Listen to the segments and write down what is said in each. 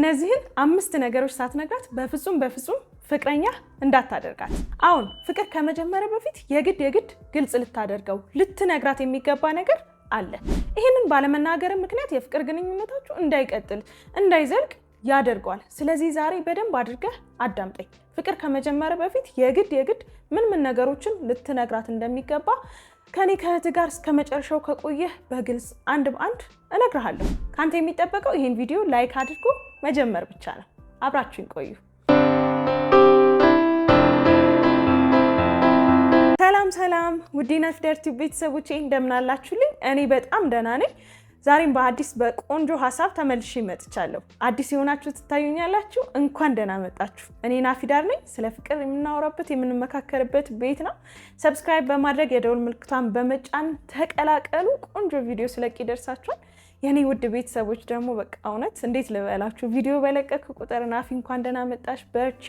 እነዚህን አምስት ነገሮች ሳትነግራት በፍጹም በፍጹም ፍቅረኛ እንዳታደርጋት። አሁን ፍቅር ከመጀመሪያ በፊት የግድ የግድ ግልጽ ልታደርገው ልትነግራት የሚገባ ነገር አለ። ይህንን ባለመናገር ምክንያት የፍቅር ግንኙነታችሁ እንዳይቀጥል እንዳይዘልቅ ያደርገዋል። ስለዚህ ዛሬ በደንብ አድርገህ አዳምጠኝ። ፍቅር ከመጀመር በፊት የግድ የግድ ምን ምን ነገሮችን ልትነግራት እንደሚገባ ከኔ ከእህት ጋር እስከ መጨረሻው ከቆየህ በግልጽ አንድ በአንድ እነግርሃለሁ። ከአንተ የሚጠበቀው ይህን ቪዲዮ ላይክ አድርጎ መጀመር ብቻ ነው። አብራችሁን ቆዩ። ሰላም ሰላም፣ ውዲነት ደርቲ ቤተሰቦቼ እንደምናላችሁልኝ፣ እኔ በጣም ደህና ነኝ። ዛሬም በአዲስ በቆንጆ ሀሳብ ተመልሼ መጥቻለሁ። አዲስ የሆናችሁ ትታዩኛላችሁ፣ እንኳን ደህና መጣችሁ። እኔ ናፊዳር ነኝ። ስለ ፍቅር የምናወራበት የምንመካከርበት ቤት ነው። ሰብስክራይብ በማድረግ የደውል ምልክቷን በመጫን ተቀላቀሉ። ቆንጆ ቪዲዮ ስለቅ ይደርሳችኋል። የኔ ውድ ቤተሰቦች ደግሞ በቃ እውነት እንዴት ልበላችሁ፣ ቪዲዮ በለቀክ ቁጥር ናፊ እንኳን ደህና መጣሽ፣ በርቺ፣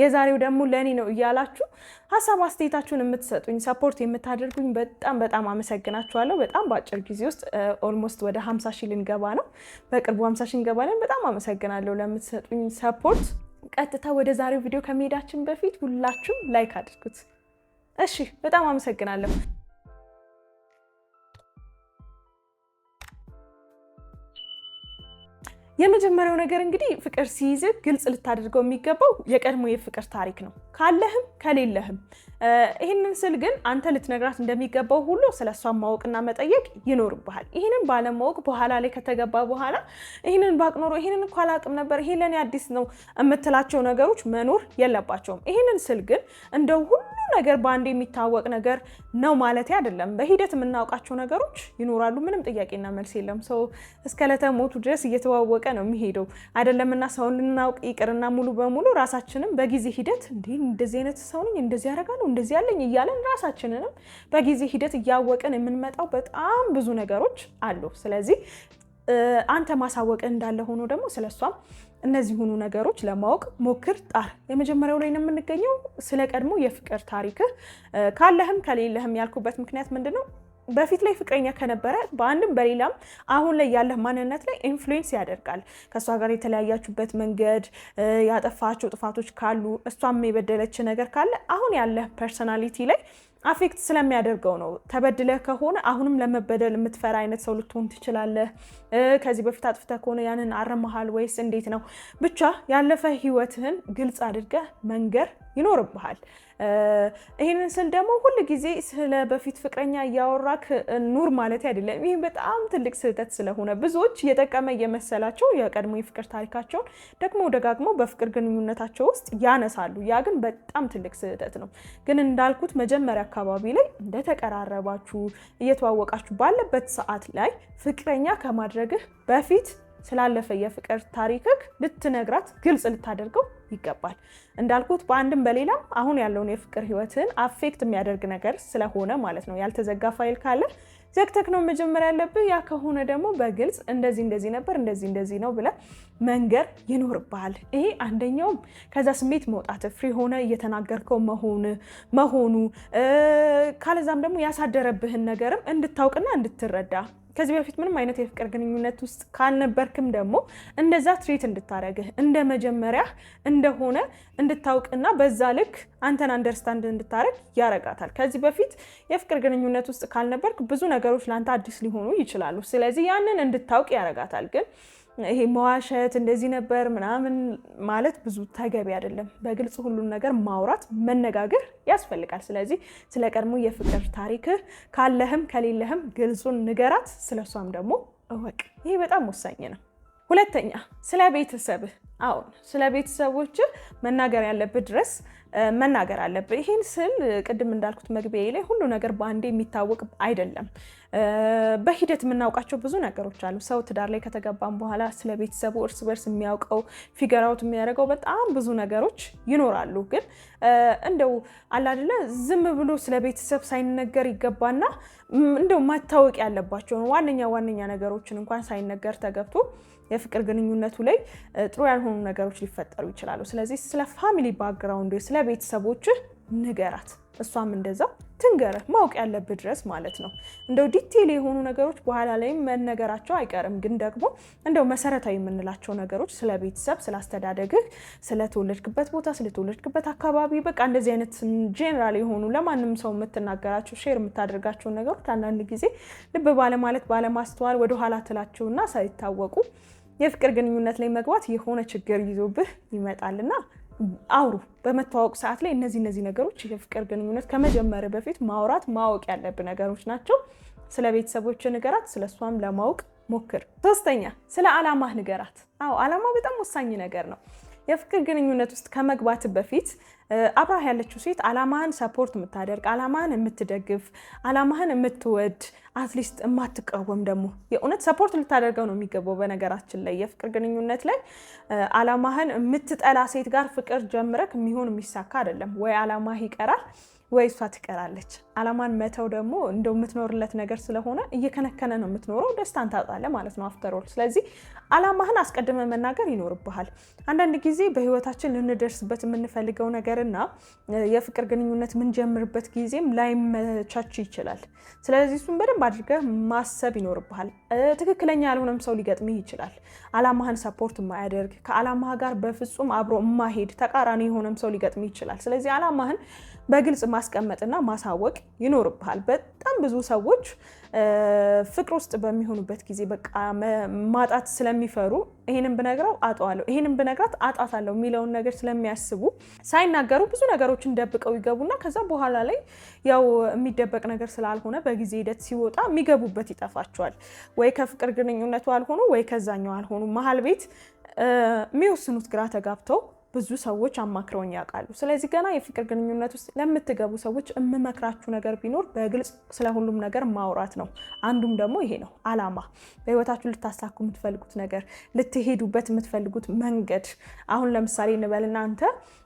የዛሬው ደግሞ ለእኔ ነው እያላችሁ ሀሳብ አስተያየታችሁን የምትሰጡኝ ሰፖርት የምታደርጉኝ በጣም በጣም አመሰግናችኋለሁ። በጣም በአጭር ጊዜ ውስጥ ኦልሞስት ወደ ሀምሳ ሺ ልንገባ ነው። በቅርቡ ሀምሳ ሺህ እንገባለን። በጣም አመሰግናለሁ ለምትሰጡኝ ሰፖርት። ቀጥታ ወደ ዛሬው ቪዲዮ ከመሄዳችን በፊት ሁላችሁም ላይክ አድርጉት እሺ። በጣም አመሰግናለሁ። የመጀመሪያው ነገር እንግዲህ ፍቅር ሲይዝህ ግልጽ ልታደርገው የሚገባው የቀድሞ የፍቅር ታሪክ ነው። ካለህም ከሌለህም ይህንን ስል ግን አንተ ልትነግራት እንደሚገባው ሁሉ ስለ እሷን ማወቅና መጠየቅ ይኖርብሃል። ይህንን ባለማወቅ በኋላ ላይ ከተገባ በኋላ ይህንን ባቅኖሮ ኖሮ ይህንን እኮ አላውቅም ነበር፣ ይሄ ለእኔ አዲስ ነው የምትላቸው ነገሮች መኖር የለባቸውም። ይህንን ስል ግን እንደው ሁሉ ነገር በአንድ የሚታወቅ ነገር ነው ማለት አይደለም። በሂደት የምናውቃቸው ነገሮች ይኖራሉ። ምንም ጥያቄና መልስ የለም። ሰው እስከ ዕለተ ሞቱ ድረስ እየተዋወቀ ነው የሚሄደው አይደለምና ሰውን ልናውቅ ይቅርና ሙሉ በሙሉ ራሳችንም በጊዜ ሂደት እንደዚህ አይነት ሰው ነኝ እንደዚህ ያደርጋለሁ እንደዚህ ያለኝ እያለን ራሳችንንም በጊዜ ሂደት እያወቅን የምንመጣው በጣም ብዙ ነገሮች አሉ። ስለዚህ አንተ ማሳወቅ እንዳለ ሆኖ ደግሞ ስለሷም እነዚህ ሁኑ ነገሮች ለማወቅ ሞክር፣ ጣር። የመጀመሪያው ላይ ነው የምንገኘው፣ ስለ ቀድሞ የፍቅር ታሪክህ ካለህም ከሌለህም ያልኩበት ምክንያት ምንድን ነው? በፊት ላይ ፍቅረኛ ከነበረ በአንድም በሌላም አሁን ላይ ያለህ ማንነት ላይ ኢንፍሉዌንስ ያደርጋል። ከእሷ ጋር የተለያያችሁበት መንገድ፣ ያጠፋቸው ጥፋቶች ካሉ፣ እሷም የበደለች ነገር ካለ አሁን ያለህ ፐርሰናሊቲ ላይ አፌክት ስለሚያደርገው ነው። ተበድለህ ከሆነ አሁንም ለመበደል የምትፈራ አይነት ሰው ልትሆን ትችላለህ። ከዚህ በፊት አጥፍተህ ከሆነ ያንን አረመሃል ወይስ እንዴት ነው? ብቻ ያለፈ ህይወትህን ግልጽ አድርገህ መንገር ይኖርብሃል። ይህንን ስል ደግሞ ሁል ጊዜ ስለ በፊት ፍቅረኛ እያወራክ ኑር ማለት አይደለም። ይህ በጣም ትልቅ ስህተት ስለሆነ ብዙዎች የጠቀመ እየመሰላቸው የቀድሞ የፍቅር ታሪካቸውን ደግሞ ደጋግሞ በፍቅር ግንኙነታቸው ውስጥ ያነሳሉ። ያ ግን በጣም ትልቅ ስህተት ነው። ግን እንዳልኩት መጀመሪያ አካባቢ ላይ እንደተቀራረባችሁ እየተዋወቃችሁ ባለበት ሰዓት ላይ ፍቅረኛ ከማድረግህ በፊት ስላለፈ የፍቅር ታሪክህ ልትነግራት ግልጽ ልታደርገው ይገባል። እንዳልኩት በአንድም በሌላም አሁን ያለውን የፍቅር ህይወትን አፌክት የሚያደርግ ነገር ስለሆነ ማለት ነው። ያልተዘጋ ፋይል ካለ ዘግተክ ነው መጀመር ያለብህ። ያ ከሆነ ደግሞ በግልጽ እንደዚህ እንደዚህ ነበር፣ እንደዚህ እንደዚህ ነው ብለህ መንገር ይኖርብሃል። ይሄ አንደኛውም ከዛ ስሜት መውጣት ፍሪ ሆነ እየተናገርከው መሆን መሆኑ ካለዛም ደግሞ ያሳደረብህን ነገርም እንድታውቅና እንድትረዳ ከዚህ በፊት ምንም አይነት የፍቅር ግንኙነት ውስጥ ካልነበርክም ደግሞ እንደዛ ትሬት እንድታደረግህ እንደ መጀመሪያ እንደሆነ እንድታውቅና በዛ ልክ አንተን አንደርስታንድ እንድታደረግ ያረጋታል። ከዚህ በፊት የፍቅር ግንኙነት ውስጥ ካልነበርክ ብዙ ነገሮች ለአንተ አዲስ ሊሆኑ ይችላሉ። ስለዚህ ያንን እንድታውቅ ያረጋታል ግን ይሄ መዋሸት እንደዚህ ነበር ምናምን ማለት ብዙ ተገቢ አይደለም። በግልጽ ሁሉን ነገር ማውራት መነጋገር ያስፈልጋል። ስለዚህ ስለ ቀድሞ የፍቅር ታሪክህ ካለህም ከሌለህም ግልጹን ንገራት፣ ስለሷም ደግሞ እወቅ። ይሄ በጣም ወሳኝ ነው። ሁለተኛ ስለ ቤተሰብህ። አሁን ስለ ቤተሰቦች መናገር ያለብህ ድረስ መናገር አለብህ። ይህን ስል ቅድም እንዳልኩት መግቢያ ላይ ሁሉ ነገር በአንዴ የሚታወቅ አይደለም። በሂደት የምናውቃቸው ብዙ ነገሮች አሉ። ሰው ትዳር ላይ ከተገባም በኋላ ስለ ቤተሰቡ እርስ በርስ የሚያውቀው ፊገራውት የሚያደርገው በጣም ብዙ ነገሮች ይኖራሉ። ግን እንደው አላደለ ዝም ብሎ ስለ ቤተሰብ ሳይነገር ይገባና እንደው መታወቅ ያለባቸውን ዋነኛ ዋነኛ ነገሮችን እንኳን ሳይነገር ተገብቶ የፍቅር ግንኙነቱ ላይ ጥሩ ያልሆኑ ነገሮች ሊፈጠሩ ይችላሉ። ስለዚህ ስለ ፋሚሊ ባክግራውንድ፣ ስለ ቤተሰቦች ንገራት፣ እሷም እንደዛ ትንገረ ማወቅ ያለብህ ድረስ ማለት ነው። እንደው ዲቴል የሆኑ ነገሮች በኋላ ላይም መነገራቸው አይቀርም፣ ግን ደግሞ እንደው መሰረታዊ የምንላቸው ነገሮች ስለ ቤተሰብ፣ ስለ አስተዳደግህ፣ ስለተወለድክበት ቦታ፣ ስለተወለድክበት አካባቢ፣ በቃ እንደዚህ አይነት ጄኔራል የሆኑ ለማንም ሰው የምትናገራቸው ሼር የምታደርጋቸው ነገሮች አንዳንድ ጊዜ ልብ ባለማለት ባለማስተዋል ወደኋላ ትላቸውና ሳይታወቁ የፍቅር ግንኙነት ላይ መግባት የሆነ ችግር ይዞብህ ይመጣልና አውሩ። በመተዋወቅ ሰዓት ላይ እነዚህ እነዚህ ነገሮች የፍቅር ግንኙነት ከመጀመር በፊት ማውራት ማወቅ ያለብህ ነገሮች ናቸው። ስለ ቤተሰቦች ንገራት፣ ስለ እሷም ለማወቅ ሞክር። ሶስተኛ ስለ አላማህ ንገራት። አዎ አላማ በጣም ወሳኝ ነገር ነው። የፍቅር ግንኙነት ውስጥ ከመግባት በፊት አብራህ ያለችው ሴት አላማህን ሰፖርት የምታደርግ አላማህን የምትደግፍ አላማህን የምትወድ አትሊስት የማትቃወም ደግሞ የእውነት ሰፖርት ልታደርገው ነው የሚገባው። በነገራችን ላይ የፍቅር ግንኙነት ላይ አላማህን የምትጠላ ሴት ጋር ፍቅር ጀምረክ የሚሆን የሚሳካ አይደለም። ወይ አላማህ ይቀራል ወይ እሷ ትቀራለች። አላማን መተው ደግሞ እንደው የምትኖርለት ነገር ስለሆነ እየከነከነ ነው የምትኖረው፣ ደስታን ታጣለ ማለት ነው አፍተሮል። ስለዚህ አላማህን አስቀድመ መናገር ይኖርብሃል። አንዳንድ ጊዜ በህይወታችን ልንደርስበት የምንፈልገው ነገርና የፍቅር ግንኙነት የምንጀምርበት ጊዜም ላይመቻች ይችላል። ስለዚህ እሱን በደንብ አድርገህ ማሰብ ይኖርብሃል። ትክክለኛ ያልሆነም ሰው ሊገጥምህ ይችላል። አላማህን ሰፖርት የማያደርግ ከአላማህ ጋር በፍጹም አብሮ የማሄድ ተቃራኒ የሆነም ሰው ሊገጥምህ ይችላል። ስለዚህ አላማህን በግልጽ ማስቀመጥና ማሳወቅ ይኖርብሃል። በጣም ብዙ ሰዎች ፍቅር ውስጥ በሚሆኑበት ጊዜ በቃ ማጣት ስለሚፈሩ ይሄንን ብነግረው አጠዋለሁ፣ ይሄንን ብነግራት አጣታለሁ የሚለውን ነገር ስለሚያስቡ ሳይናገሩ ብዙ ነገሮችን ደብቀው ይገቡና ከዛ በኋላ ላይ ያው የሚደበቅ ነገር ስላልሆነ በጊዜ ሂደት ሲወጣ የሚገቡበት ይጠፋቸዋል። ወይ ከፍቅር ግንኙነቱ አልሆኑ ወይ ከዛኛው አልሆኑ መሀል ቤት የሚወስኑት ግራ ተጋብተው ብዙ ሰዎች አማክረውኝ ያውቃሉ። ስለዚህ ገና የፍቅር ግንኙነት ውስጥ ለምትገቡ ሰዎች የምመክራችሁ ነገር ቢኖር በግልጽ ስለ ሁሉም ነገር ማውራት ነው። አንዱም ደግሞ ይሄ ነው፣ አላማ በህይወታችሁ ልታሳኩ የምትፈልጉት ነገር፣ ልትሄዱበት የምትፈልጉት መንገድ። አሁን ለምሳሌ እንበልና አንተ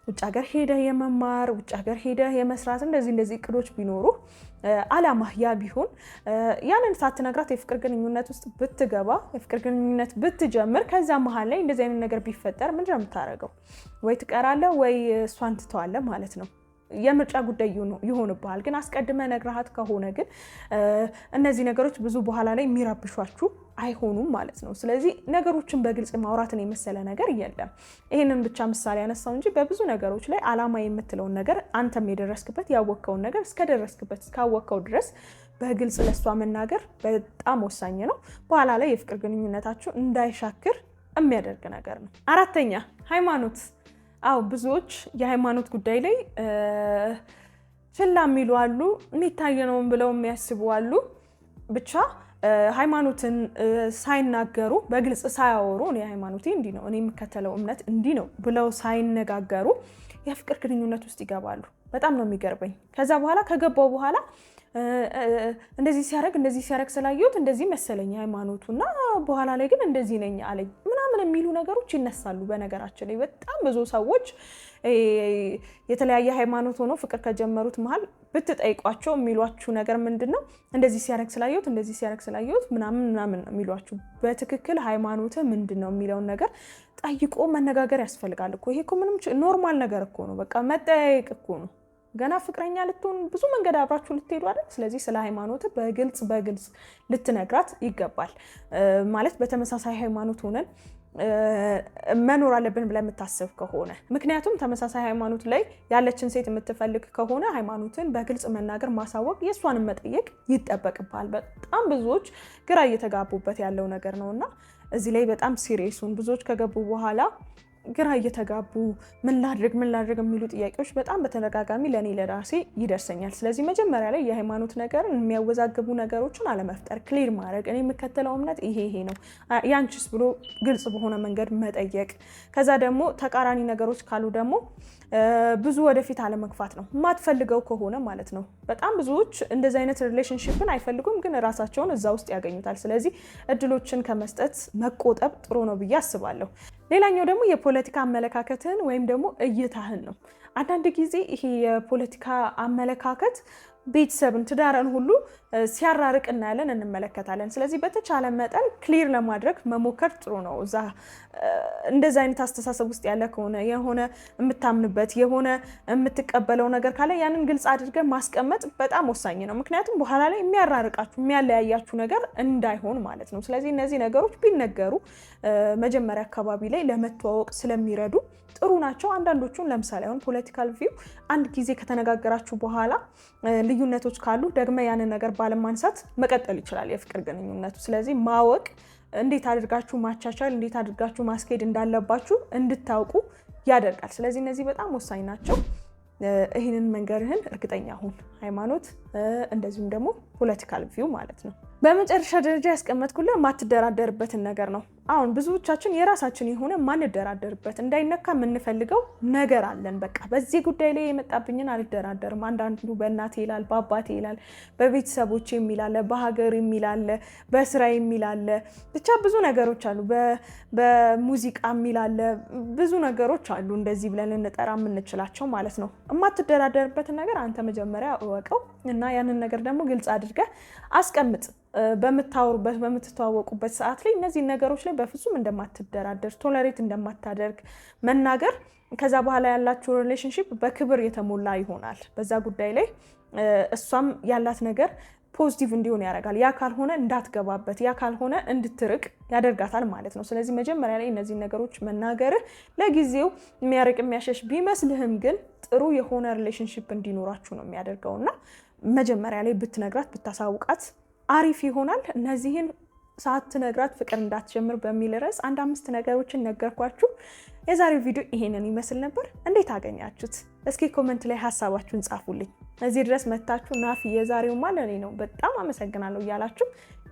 ውጭ ሀገር ሄደህ የመማር ውጭ ሀገር ሄደህ የመስራት እንደዚህ እንደዚህ እቅዶች ቢኖሩ አላማ ያ ቢሆን ያንን ሳትነግራት የፍቅር ግንኙነት ውስጥ ብትገባ የፍቅር ግንኙነት ብትጀምር ከዛ መሀል ላይ እንደዚህ አይነት ነገር ቢፈጠር ምንድን ነው የምታደርገው? ወይ ትቀራለህ ወይ እሷን ትተዋለህ ማለት ነው። የምርጫ ጉዳይ ይሆንብሃል። ግን አስቀድመ ነግረሃት ከሆነ ግን እነዚህ ነገሮች ብዙ በኋላ ላይ የሚረብሿችሁ አይሆኑም ማለት ነው። ስለዚህ ነገሮችን በግልጽ ማውራትን የመሰለ ነገር የለም። ይህንን ብቻ ምሳሌ ያነሳው እንጂ በብዙ ነገሮች ላይ አላማ የምትለውን ነገር አንተም የደረስክበት ያወቅከውን ነገር እስከደረስክበት እስካወቅከው ድረስ በግልጽ ለእሷ መናገር በጣም ወሳኝ ነው። በኋላ ላይ የፍቅር ግንኙነታችሁ እንዳይሻክር የሚያደርግ ነገር ነው። አራተኛ ሃይማኖት አው ብዙዎች የሃይማኖት ጉዳይ ላይ ችላ የሚሉ አሉ፣ የሚታይ ብለው የሚያስቡ አሉ። ብቻ ሃይማኖትን ሳይናገሩ በግልጽ ሳያወሩ እኔ ሃይማኖቴ እንዲህ ነው፣ እኔ የምከተለው እምነት እንዲህ ነው ብለው ሳይነጋገሩ የፍቅር ግንኙነት ውስጥ ይገባሉ። በጣም ነው የሚገርበኝ። ከዛ በኋላ ከገባው በኋላ እንደዚህ ሲያደርግ እንደዚህ ሲያደርግ ስላየሁት እንደዚህ መሰለኝ ሃይማኖቱ እና በኋላ ላይ ግን እንደዚህ ነኝ አለኝ ምናምን የሚሉ ነገሮች ይነሳሉ። በነገራችን ላይ በጣም ብዙ ሰዎች የተለያየ ሃይማኖት ሆነው ፍቅር ከጀመሩት መሀል ብትጠይቋቸው የሚሏችሁ ነገር ምንድን ነው? እንደዚህ ሲያደርግ ስላየሁት እንደዚህ ሲያደርግ ስላየሁት ምናምን ምናምን ነው የሚሏችሁ። በትክክል ሃይማኖት ምንድን ነው የሚለውን ነገር ጠይቆ መነጋገር ያስፈልጋል እኮ። ይሄ እኮ ምንም ኖርማል ነገር እኮ ነው። በቃ መጠያየቅ እኮ ነው። ገና ፍቅረኛ ልትሆን ብዙ መንገድ አብራችሁ ልትሄዱ አይደል? ስለዚህ ስለ ሃይማኖት በግልጽ በግልጽ ልትነግራት ይገባል። ማለት በተመሳሳይ ሃይማኖት ሆነን መኖር አለብን ብለህ የምታስብ ከሆነ ምክንያቱም ተመሳሳይ ሃይማኖት ላይ ያለችን ሴት የምትፈልግ ከሆነ ሃይማኖትን በግልጽ መናገር፣ ማሳወቅ፣ የእሷንም መጠየቅ ይጠበቅባል። በጣም ብዙዎች ግራ እየተጋቡበት ያለው ነገር ነው እና እዚህ ላይ በጣም ሲሪየሱን ብዙዎች ከገቡ በኋላ ግራ እየተጋቡ ምን ላድርግ ምን ላድርግ የሚሉ ጥያቄዎች በጣም በተደጋጋሚ ለእኔ ለራሴ ይደርሰኛል። ስለዚህ መጀመሪያ ላይ የሃይማኖት ነገርን የሚያወዛግቡ ነገሮችን አለመፍጠር፣ ክሊር ማድረግ እኔ የምከተለው እምነት ይሄ ይሄ ነው ያንቺስ ብሎ ግልጽ በሆነ መንገድ መጠየቅ። ከዛ ደግሞ ተቃራኒ ነገሮች ካሉ ደግሞ ብዙ ወደፊት አለመግፋት ነው የማትፈልገው ከሆነ ማለት ነው። በጣም ብዙዎች እንደዚህ አይነት ሪሌሽንሽፕን አይፈልጉም፣ ግን ራሳቸውን እዛ ውስጥ ያገኙታል። ስለዚህ እድሎችን ከመስጠት መቆጠብ ጥሩ ነው ብዬ አስባለሁ። ሌላኛው ደግሞ የፖለቲካ አመለካከትህን ወይም ደግሞ እይታህን ነው። አንዳንድ ጊዜ ይሄ የፖለቲካ አመለካከት ቤተሰብን፣ ትዳርን ሁሉ ሲያራርቅ እናያለን፣ እንመለከታለን። ስለዚህ በተቻለ መጠን ክሊር ለማድረግ መሞከር ጥሩ ነው። እዛ እንደዚ አይነት አስተሳሰብ ውስጥ ያለ ከሆነ የሆነ የምታምንበት የሆነ የምትቀበለው ነገር ካለ ያንን ግልጽ አድርገን ማስቀመጥ በጣም ወሳኝ ነው። ምክንያቱም በኋላ ላይ የሚያራርቃችሁ የሚያለያያችሁ ነገር እንዳይሆን ማለት ነው። ስለዚህ እነዚህ ነገሮች ቢነገሩ መጀመሪያ አካባቢ ላይ ለመተዋወቅ ስለሚረዱ ጥሩ ናቸው። አንዳንዶቹን ለምሳሌ አሁን ፖለቲካል ቪው አንድ ጊዜ ከተነጋገራችሁ በኋላ ልዩነቶች ካሉ ደግመ ያንን ነገር ባለማንሳት መቀጠል ይችላል የፍቅር ግንኙነቱ። ስለዚህ ማወቅ እንዴት አድርጋችሁ ማቻቻል፣ እንዴት አድርጋችሁ ማስኬድ እንዳለባችሁ እንድታውቁ ያደርጋል። ስለዚህ እነዚህ በጣም ወሳኝ ናቸው። ይህንን መንገድህን እርግጠኛ ሁን። ሃይማኖት እንደዚሁም ደግሞ ፖለቲካል ቪው ማለት ነው። በመጨረሻ ደረጃ ያስቀመጥኩልህ ማትደራደርበትን ነገር ነው። አሁን ብዙዎቻችን የራሳችን የሆነ ማንደራደርበት እንዳይነካ የምንፈልገው ነገር አለን። በቃ በዚህ ጉዳይ ላይ የመጣብኝን አልደራደርም። አንዳንዱ በእናቴ ይላል፣ በአባቴ ይላል፣ በቤተሰቦች የሚላለ፣ በሀገር የሚላለ፣ በስራ የሚላለ፣ ብቻ ብዙ ነገሮች አሉ። በሙዚቃ የሚላለ ብዙ ነገሮች አሉ። እንደዚህ ብለን ልንጠራ የምንችላቸው ማለት ነው። የማትደራደርበትን ነገር አንተ መጀመሪያ እወቀው እና ያንን ነገር ደግሞ ግልጽ አድርገ አስቀምጥ። በምታወሩበት በምትተዋወቁበት ሰዓት ላይ እነዚህ ነገሮች ላይ በፍጹም እንደማትደራደር ቶለሬት እንደማታደርግ መናገር ከዛ በኋላ ያላችሁ ሪሌሽንሽፕ በክብር የተሞላ ይሆናል። በዛ ጉዳይ ላይ እሷም ያላት ነገር ፖዚቲቭ እንዲሆን ያደርጋል። ያ ካልሆነ እንዳትገባበት፣ ያ ካልሆነ እንድትርቅ ያደርጋታል ማለት ነው። ስለዚህ መጀመሪያ ላይ እነዚህ ነገሮች መናገርህ ለጊዜው የሚያርቅ የሚያሸሽ ቢመስልህም ግን ጥሩ የሆነ ሪሌሽንሽፕ እንዲኖራችሁ ነው የሚያደርገውና መጀመሪያ ላይ ብትነግራት ብታሳውቃት አሪፍ ይሆናል። እነዚህን ሳትነግራት ፍቅር እንዳትጀምር በሚል ርዕስ አንድ አምስት ነገሮችን ነገርኳችሁ። የዛሬው ቪዲዮ ይሄንን ይመስል ነበር። እንዴት አገኛችሁት? እስኪ ኮመንት ላይ ሀሳባችሁን ጻፉልኝ። እዚህ ድረስ መታችሁ ናፊ የዛሬው ማ ነው በጣም አመሰግናለሁ እያላችሁ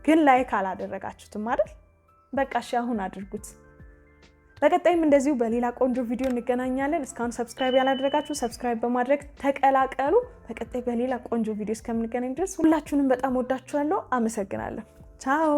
ግን ላይክ አላደረጋችሁትም አይደል? በቃ እሺ አሁን አድርጉት። በቀጣይም እንደዚሁ በሌላ ቆንጆ ቪዲዮ እንገናኛለን። እስካሁን ሰብስክራይብ ያላደረጋችሁ ሰብስክራይብ በማድረግ ተቀላቀሉ። በቀጣይ በሌላ ቆንጆ ቪዲዮ እስከምንገናኝ ድረስ ሁላችሁንም በጣም ወዳችኋለሁ። አመሰግናለሁ። ቻው